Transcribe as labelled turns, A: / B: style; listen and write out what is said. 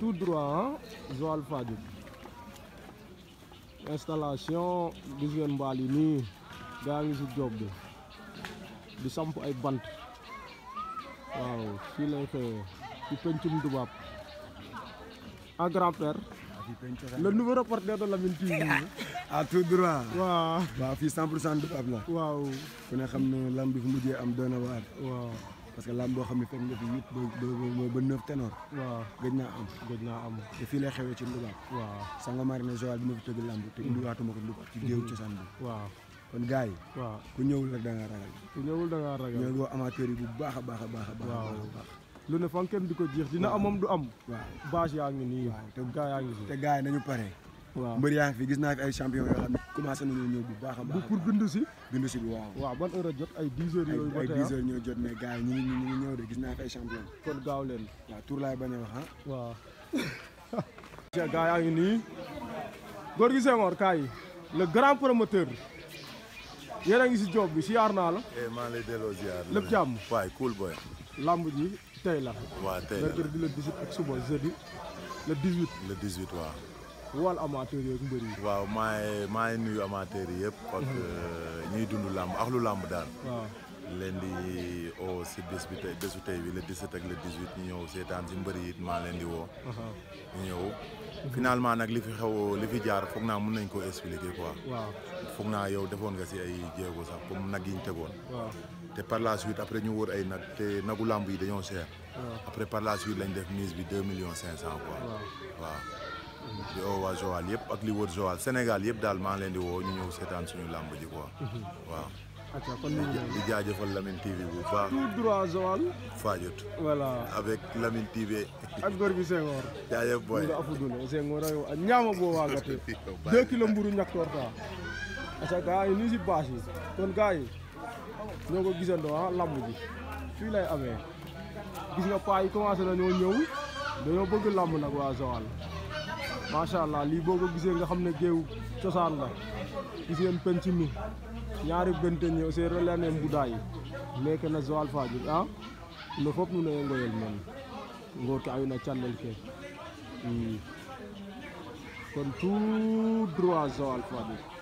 A: tout droit Joal Fadiouth installation gis ngeen mbaal yi nii gaa ngi si job bi di samp ay Wow, waaw fii lay xëyee ci pencum tubaab à grand-père le nouveau reporter de la TV à tout droit Wow. waaw fii 100 pour cent Wow. la waaw ku ne xam ne Wow. bi fu mujjee am doona waar waaw parce que làmb boo xam ne fekk nga fi huit ba ba neuf gëj naa am. te fii lay xewee ci Ndubaat. waaw Sangomarine Joal bi ma fi tëgg làmb te mm. indiwaatuma ko Ndubaat ci géew mm. cosaan bi. kon gars yi. waaw ku ñëwul rek da ragal. ku ñëwul da ngaa ragal ñoo ngi amateur yi bu baax a baax a baax. a baax lu ne fan kenn di ko jeex. dina amoom du am. waaw bâche yaa ngi nii. waaw te gaa yaa ngi nii te gars yi nañu pare. waaw mbër yaa ngi fi gis naa fi ay champion yoo xam ne commencé nañoo ñëw bu baax a baax bindu si bindu si bi waaw waaw ban heure a jot ay dix heures yooyu ba tey ay ah? gis naa fi ay champion kon leen waaw tur laay bañ a wax ah. yaa ngi nii góor gi Senghor kaay
B: le a ngi si job bi siyaar naa la eh, lay delloo siyaar lépp jàmm waay cool boy lamb ji tey la la mercredi le ak suba jeudi le 18 le 18 waaw wal amateur yeeg mbër yi. waaw maay maay nuyu amateur yi yëpp. ak mhm. euh, ñuy dund làmb ak lu làmb daal. waaw leen di oo si bés bi tey bésu tey bi le 17 ak le 18 ñu ñëw seetaan si mbëri yi it maa leen di woo. Uh-huh. ñu ñëw. finalement nag li fi xew li fi jaar foog naa mën nañ ko expliquer quoi. waaw foog naa yow defoon nga si ay jéego sax comme nag yiñ ñu tegoon. waaw te par la suite après ñu wër ay nag te nagu làmb yi dañoo cher. après par la suite lañ def mise bi 2 millions 500 quoi. waaw. di woo waa Joal yëpp ak li wër Sénégal yëpp daal maa leen di woo ñu ñëw seetaan suñu làmb ji quoi. Mhm. waaw. di jaajëfal Lamine TV bu baax. tout droit Joal. Fadiouth. voilà avec Lamine TV.
A: ak góor gi Senghor.
B: jaajëf booy nga afudule Senghor aywa ñaama boo waagate.
A: deux kilos mburu ñàkkoor taa. parce que gars si bâche kon gars ñoo ko gisandoo ah làmb ji amee gis nga paa yi commencé na ñoo ñëw dañoo bëgg làmb nag waa Joal. macha li lii ko gisee nga xamne geewu géew la gis ngeen penc mi ñaari bente ñëw seere laneen budaayi nek na zoal fadjur a no fop ñu lay ngoyal meen ngor ke ayuna channel ke
B: kon tout droit zoal fadjur